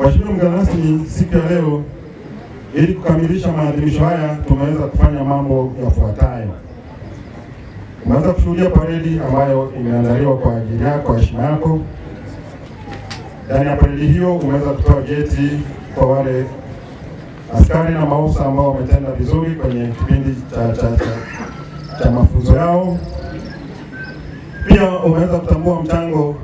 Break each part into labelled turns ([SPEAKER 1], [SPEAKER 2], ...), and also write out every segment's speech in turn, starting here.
[SPEAKER 1] Mheshimiwa mgeni rasmi, siku ya leo, ili kukamilisha maadhimisho haya tumeweza kufanya mambo yafuatayo. Umeweza kushuhudia paredi ambayo imeandaliwa kwa ajili yako, kwa heshima yako. Ndani ya paredi hiyo umeweza kutoa jeti kwa wale askari na maofisa ambao wametenda vizuri kwenye kipindi cha, cha, cha, cha mafunzo yao. Pia umeweza kutambua mchango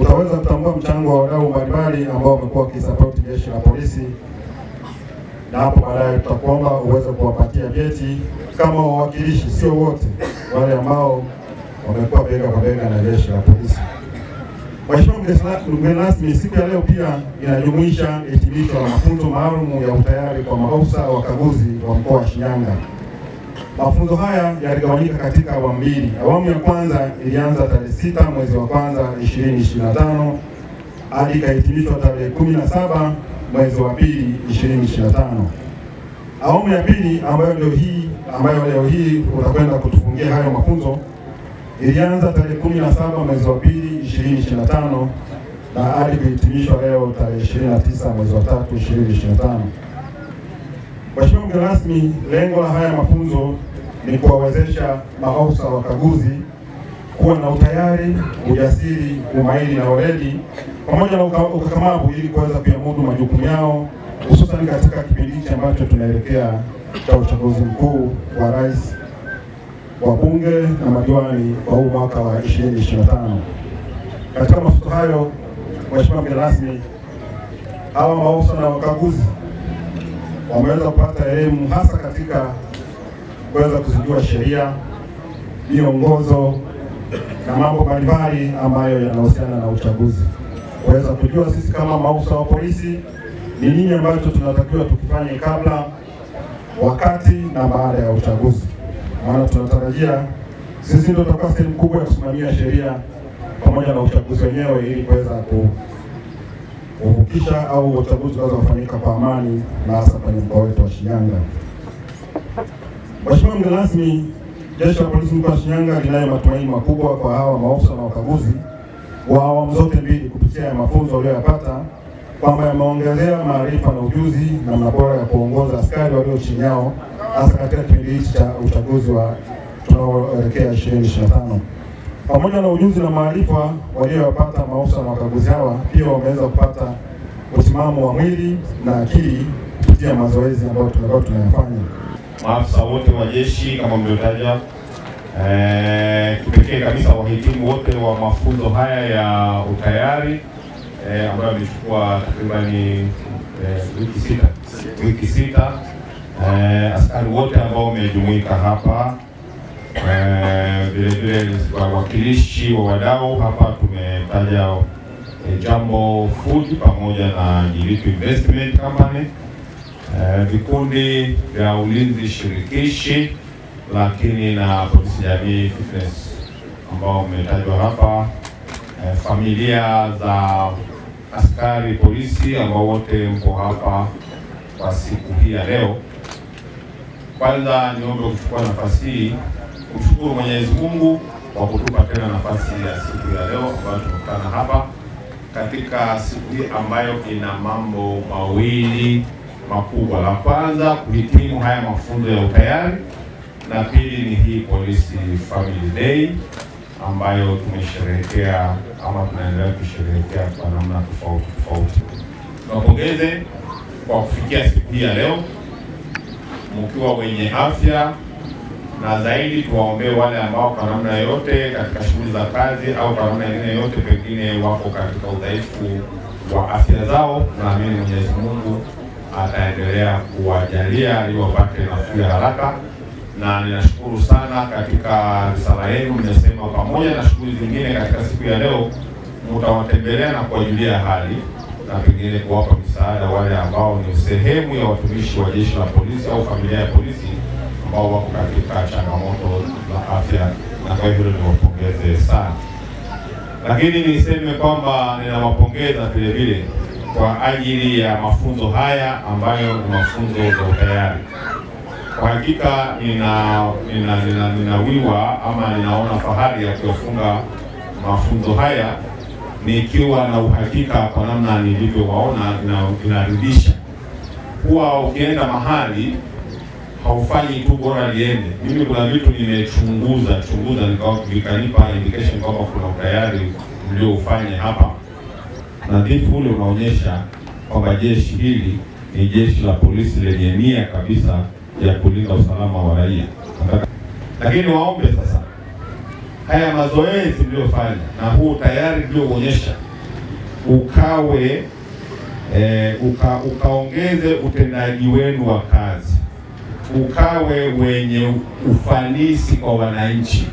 [SPEAKER 1] utaweza kutambua mchango wa wadau mbalimbali ambao wamekuwa wakisapoti jeshi la polisi, na hapo baadaye tutakuomba uweze kuwapatia vyeti kama wawakilishi, sio wote wale ambao wamekuwa bega kwa bega na jeshi la polisi. Mheshimiwa mgeni rasmi, siku ya leo pia inajumuisha hitimisho la mafunzo maalum ya utayari kwa maafisa wakaguzi wa mkoa wa Shinyanga. Mafunzo haya yaligawanyika katika awamu mbili. Awamu ya kwanza ilianza tarehe sita mwezi wa kwanza 2025 hadi ikahitimishwa tarehe 17 mwezi wa pili 2025. Awamu ya pili ambayo leo hii ambayo leo hii utakwenda kutufungia hayo mafunzo ilianza tarehe 17 mwezi wa pili 2025 na hadi kuhitimishwa leo tarehe 29 mwezi wa tatu 2025. Mheshimiwa mgeni rasmi, lengo la haya mafunzo ni kuwawezesha maafisa wakaguzi kuwa na utayari, ujasiri, umahiri na weledi pamoja na ukakamavu ili kuweza kuyamudu majukumu yao hususan katika kipindi hichi ambacho tunaelekea cha uchaguzi mkuu wa rais, wa bunge na madiwani kwa huu mwaka wa 2025. Katika mafunzo hayo, Mheshimiwa mgeni rasmi, hawa maafisa na wakaguzi wameweza kupata elimu hasa katika kuweza kuzijua sheria, miongozo na mambo mbalimbali ambayo yanahusiana na uchaguzi, kuweza kujua sisi kama maafisa wa polisi ni nini ambacho tunatakiwa tukifanye kabla, wakati na baada ya uchaguzi, maana tunatarajia sisi ndio tutakuwa sehemu kubwa ya kusimamia sheria pamoja na uchaguzi wenyewe ili kuweza ku kuvukisha au uchaguzi kufanyika kwa amani na hasa kwenye mkoa wetu wa Shinyanga. Mheshimiwa mgeni rasmi, jeshi la polisi mkoa wa Shinyanga linayo matumaini makubwa kwa hawa maofisa na wakaguzi wa awamu zote mbili kupitia mafunzo walioyapata kwamba yameongezea maarifa na ujuzi namna bora ya kuongoza askari walio chini yao hasa katika kipindi hichi cha uchaguzi wa tunaoelekea 2025. Pamoja na ujuzi na maarifa waliyopata maafisa na wakaguzi hawa, pia wameweza kupata usimamo wa mwili na akili kupitia mazoezi ambayo tumekuwa tunayafanya.
[SPEAKER 2] Maafisa wote wa jeshi kama mlivyotaja, eh, kipekee kabisa wahitimu wote wa mafunzo haya ya utayari e, ambayo amechukua takribani e, wiki sita, wiki sita. E, askari wote ambao wamejumuika hapa e, vilevile wawakilishi wa wadau hapa tumetaja e, Jambo Food pamoja na Jilitu Investment Company e, vikundi vya ulinzi shirikishi, lakini na polisi jamii fitness ambao umetajwa hapa e, familia za askari polisi ambao wote mko hapa kwa siku hii ya leo. Kwanza niombe kuchukua nafasi hii kushukuru Mwenyezi Mungu kwa kutupa tena nafasi ya siku ya leo ambayo tumekutana hapa katika siku hii ambayo ina mambo mawili makubwa. La kwanza kuhitimu haya mafunzo ya utayari, na pili ni hii Polisi Family Day ambayo tumesherehekea ama tunaendelea kusherehekea kwa namna tofauti tofauti. Tuwapongeze kwa kufikia siku hii ya leo mkiwa wenye afya na zaidi tuwaombee wale ambao kwa namna yote katika shughuli za kazi au kwa namna nyingine yote pengine wako katika udhaifu wa afya zao. Naamini Mwenyezi Mungu ataendelea kuwajalia ili wapate nafuu ya haraka, na ninashukuru sana katika risala yenu mmesema pamoja na shughuli zingine katika siku ya leo mtawatembelea na kuwajulia hali na pengine kuwapa msaada wale ambao ni sehemu ya watumishi wa jeshi la polisi au familia ya polisi ambao wako katika changamoto za afya, na kwa hivyo niwapongeze sana. Lakini niseme kwamba ninawapongeza vile vile kwa ajili ya mafunzo haya ambayo ni mafunzo ya utayari. Kwa hakika ninawiwa nina, nina, nina ama ninaona fahari ya kuyafunga mafunzo haya nikiwa na uhakika kwa namna nilivyowaona, inarudisha kuwa ukienda mahali haufanyi tu bora liende. Mimi kuna vitu nimechunguza chunguza, vikanipa indication kwamba kuna utayari mlioufanya hapa. Nadhifu ule unaonyesha kwamba jeshi hili ni jeshi la polisi lenye nia kabisa ya kulinda usalama wa raia. Lakini waombe sasa, haya mazoezi mliofanya na huu tayari mliouonyesha ukawe e, uka, ukaongeze utendaji wenu wa kazi ukawe wenye ufanisi kwa wananchi.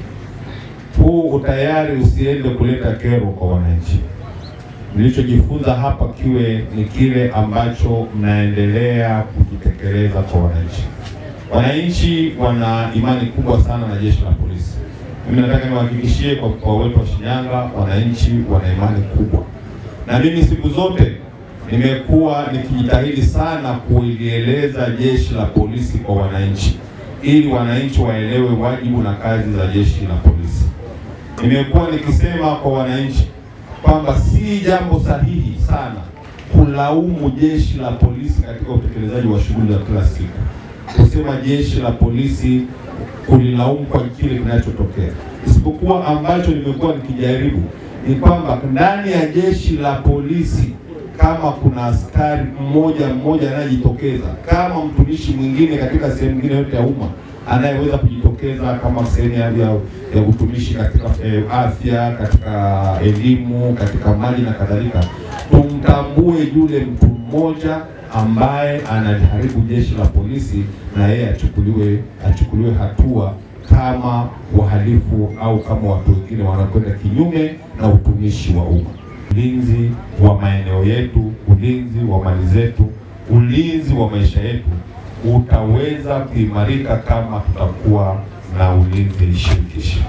[SPEAKER 2] Huu utayari usiende kuleta kero kwa wananchi. Nilichojifunza hapa kiwe ni kile ambacho mnaendelea kukitekeleza kwa wananchi. Wananchi wana imani kubwa sana na jeshi la polisi. Mimi nataka niwahakikishie kwa mkoa wetu wa Shinyanga, wananchi wana imani kubwa na mimi siku zote nimekuwa nikijitahidi sana kulieleza jeshi la polisi kwa wananchi ili wananchi waelewe wajibu na kazi za jeshi la polisi. Nimekuwa nikisema kwa wananchi kwamba si jambo sahihi sana kulaumu jeshi la polisi katika utekelezaji wa shughuli za kila siku, kusema jeshi la polisi kulilaumu kwa kile kinachotokea, isipokuwa ambacho nimekuwa nikijaribu ni kwamba ndani ya jeshi la polisi kama kuna askari mmoja mmoja anayejitokeza, kama mtumishi mwingine katika sehemu nyingine yote ya umma anayeweza kujitokeza kama sehemu ya, ya utumishi katika eh, afya, katika elimu, katika mali na kadhalika, tumtambue yule mtu mmoja ambaye analiharibu jeshi la polisi, na yeye achukuliwe achukuliwe hatua kama wahalifu au kama watu wengine wanakwenda kinyume na utumishi wa umma ulinzi wa maeneo yetu, ulinzi wa mali zetu, ulinzi wa maisha yetu utaweza kuimarika kama tutakuwa na ulinzi shirikishi.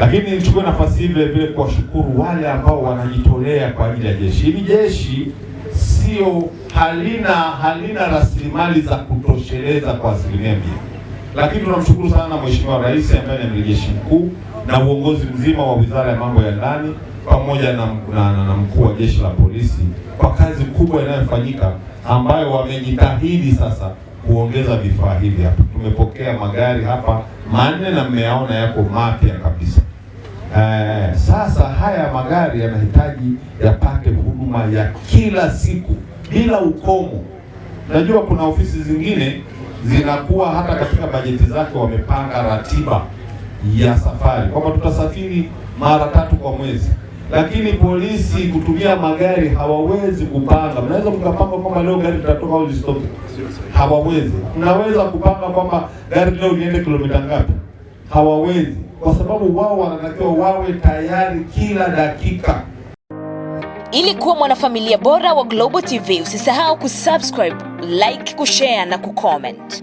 [SPEAKER 2] Lakini nichukue nafasi hii vile vile kuwashukuru wale ambao wanajitolea kwa ajili ya jeshi hili. Jeshi sio halina halina rasilimali za kutosheleza kwa asilimia mia, lakini tunamshukuru sana Mheshimiwa Rais ambaye ni Amiri Jeshi Mkuu na uongozi mzima wa Wizara ya Mambo ya Ndani pamoja na, na, na mkuu wa jeshi la polisi kwa kazi kubwa inayofanyika ambayo wamejitahidi sasa kuongeza vifaa hivi. Hapa tumepokea magari hapa manne na mmeyaona yako mapya kabisa. Eh, sasa haya magari yanahitaji yapate huduma ya kila siku bila ukomo. Najua kuna ofisi zingine zinakuwa hata katika bajeti zake wamepanga ratiba ya safari kwamba tutasafiri mara tatu kwa mwezi lakini polisi kutumia magari hawawezi kupanga. Mnaweza mkapanga kwamba leo gari litatoka au lisitoke, hawawezi. Mnaweza kupanga kwamba gari leo liende kilomita ngapi, hawawezi, kwa sababu wao wanatakiwa wawe tayari kila dakika.
[SPEAKER 3] Ili kuwa mwanafamilia bora wa Global TV, usisahau kusubscribe, like, kushare na kucomment.